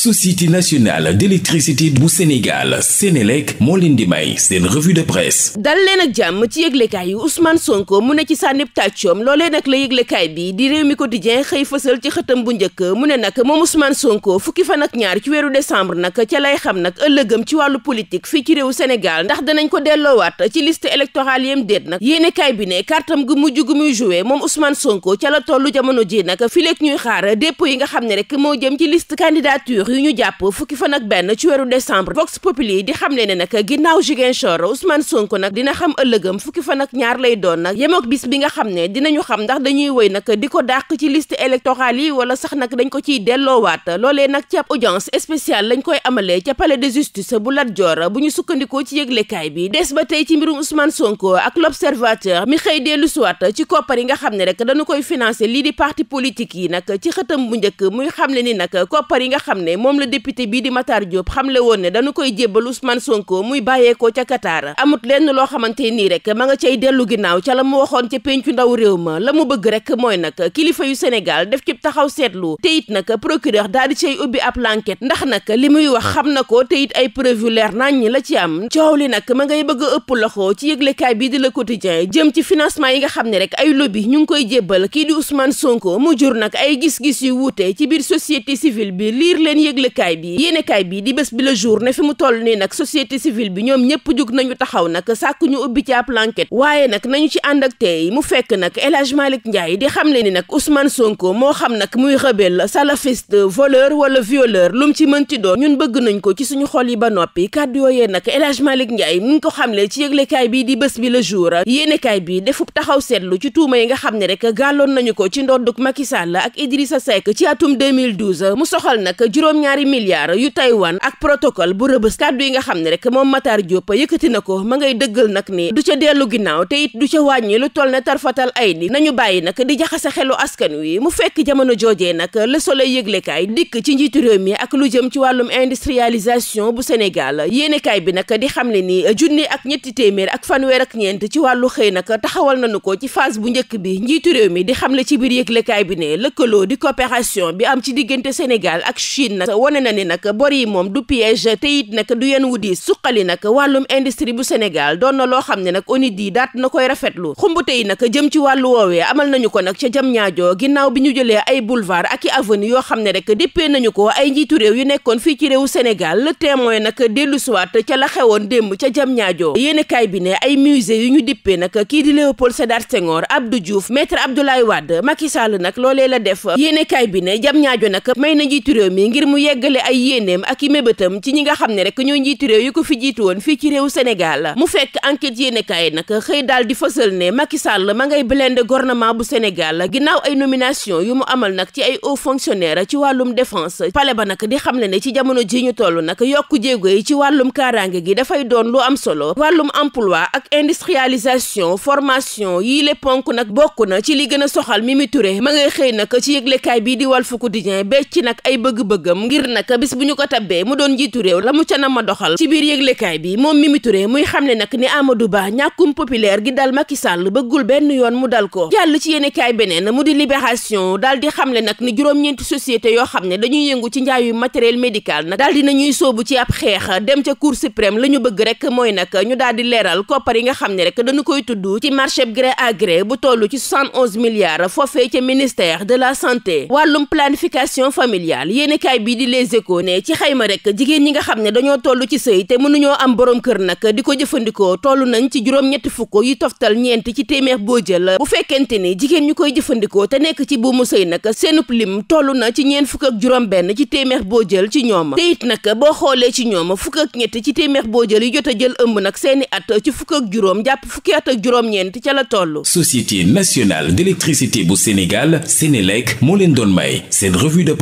société nationale d'électricité bu Sénégal Sénélec moo leen di may seen revue de presse dal leen ak jàmm ci yëglekaay yi Ousmane Sonko mu ne ci sànnib tàccoom loolee nag la yëglekaay bi di réew mi quotidien xëy fësal ci xëtam bu njëkk mu ne nag moom Ousmane Sonko fukki fan ak ñaar ci weeru décembre nag ca lay xam nag ëllëgëm ci wàllu politique fii ci réew Sénégal ndax danañ ko delloowaat ci liste électorale yem déet nag yéenekaay bi ne kartam gu mujj gu muy joué moom Ousmane Sonko ca la tollu jamono ji nag fileeg ñuy xaar dépôt yi nga xam ne rek moo jëm ci liste candidature waxtu yu ñu jàpp fukki fan ak benn ci weeru décembre Vox Populi di xam ne ne nag ginnaaw Ziguinchor Ousmane Sonko nag dina xam ëllëgam fukki fan ak ñaar lay doon nag yemook bis bi nga xam ne dinañu xam ndax dañuy woy nag di ko dàq ci liste électorale yi wala sax nag dañ ko ciy delloowaat loolee nag ci ab audience spéciale lañ koy amalee ca palais de justice bu Lat Dior bu ñu sukkandikoo ci yëglekaay bi des ba tey ci mbirum Ousmane Sonko ak l'observateur mi xëy dellu siwaat ci koppar yi nga xam ne rek dañu koy financer lii di parti politique yi nag ci xëtam bu njëkk muy xam ne ni nag koppar yi nga xam ne moom la député bii di Matar Diop xamle woon ne dañu koy jébbal Ousmane Sonko muy bàyyeekoo ca Qatar amut lenn loo xamante nii rek ma nga cay dellu ginnaaw ca la mu waxoon ca pencu ndaw réew ma la mu bëgg rek mooy nag kilifa yu Sénégal def ci taxaw seetlu te it nag procureur daal di cay ubbi ab ndax nag li muy wax xam na ko te it ay preuve yu la ci am coow li nag ma ngay bëgg ëpp loxo ci yëglekaay bii di Le Quotidien jëm ci financement yi nga xam ne rek ay lobby ñu ngi koy jébbal kii di Ousmane Sonko mu jur nag ay gis-gis yu wute ci biir société civile bi liir leen yëglekaay bi yéenekaay bi di bés bi la jour a fi mu toll nii nag société civile bi ñoom ñëpp jug nañu taxaw nag sàkk ñu ubbi ci ko ci suñu yi ba noppi kàddu yooyee nag El Hadj ko xamle ci bi di bés bi la jour yéenekaay bi defub taxaw seetlu ci tuuma yi nga xam ne rek gàlloon nañu ko ci ndodduk Macky Sall ak a Seck ci atum mu soxal nag juróom ñaari milliards yu Taïwan ak protocol bu rëbës kàddu yi nga xam ne rek moom Matar Diop yëkkati na ko ma ngay dëggal nag ni du ca dellu ginnaaw te it du ca wàññi lu toll ne tarfatal ay ni ñu bàyyi nag di jaxase xelu askan wi mu fekk jamono joojee nag Le Soleil yëglekaay dikk ci njiitu réew mi ak lu jëm ci wàllum industrialisation bu Sénégal yéenekaay bi nag di xam ne ni junni ak ñetti téeméer ak fanweer ak ñeent ci wàllu xëy nag taxawal nañu ko ci phase bu njëkk bi njiitu réew mi di xam ne ci biir yëglekaay bi ne lëkkaloo di coopération bi am ci diggante Sénégal ak Chine nag wane na ni nag bori moom du piège te it nag du yéen wu di suqali nag wàllum industrie bu Sénégal doon na loo xam ne nag ONIDI daat na koy rafetlu xumbute yi nag jëm ci wàllu woowee amal nañu ko nag ca jam ñaajoo ginnaaw bi ñu jëlee ay boulevard ak i aveni yoo xam ne rek déppee nañu ko ay njiitu réew yu nekkoon fii ci réewu Sénégal le témoin nag dellu siwaat ca la xewoon démb ca jam ñaajo ñaajoo yéenekaay bi ne ay musée yu ñu dippee nag kii di Léopold Sédar Senghor Abdou Diouf maître Abdoulaye Wade Macky Sall nag loolee def yéenekaay bi ne jam ñaajo nag may na njiitu réew ngir mu yeggale ay yéeneem ak i mébétam ci ñi nga xam ne rek ñoo njiitu réew yu ko fi jiitu woon fii ci réew Sénégal mu fekk enquête yéenekaay nag xëy daal di fësal ne Macky Sall ma ngay blende gouvernement bu Sénégal ginnaaw ay nomination yu mu amal nag ci ay hauts fonctionnaires ci wàllum défense pale ba nag di xamle ne ci jamono ji ñu toll nag yokku jéego yi ci wàllum kaaraange gi dafay doon lu am solo wàllum emploi ak industrialisation formation yii le ponk nag bokk na ci li gën a soxal Mimi ma ngay xëy nag ci yëglekaay bii di Walf Quotidien becc nag ay bëgg-bëggam ngir nag bis bu ñu ko tabbee mu doon njiitu réew la mu ca na ma doxal ci biir yëglekaay bi moom Mimi Touré muy xam ne nag ni Amadou Ba ñàkkum populaire gi dal Macky Sall bëggul benn yoon mu dal ko jàll ci yéenekaay beneen mu di libération dal di xam ne nag ni juróom-ñeenti société yoo xam ne dañuy yëngu ci njaayu matériel médical nag daal dinañuy soobu ci ab xeex dem ca cour suprême la ñu bëgg rek mooy nag ñu daal di leeral koppar yi nga xam ne rek dañu koy tudd ci marché gré à bu toll ci 71 milliards foofee ca ministère de la santé wàllum planification familiale yéenekaay bi di les échos ne ci xayma rek jigéen ñi nga xam ne dañoo toll ci sëy te mënuñoo am borom kër nag di ko jëfandikoo toll nañ ci juróom-ñetti fukk yu toftal ñeent ci téeméer boo jël bu fekkente ni jigéen ñu koy jëfandikoo te nekk ci buumu sëy nag seenub lim tollu na ci ñeent fukk ak juróom benn ci téeméer boo jël ci ñoom te it nag boo xoolee ci ñoom fukk ak ñett ci téeméer boo jël yu jot a jël ëmb nag seeni at ci fukk ak juróom jàpp fukki at ak juróom-ñeent ca la toll Société nationale d'électricité bu Sénégal Sénélec moo leen doon may seen revue de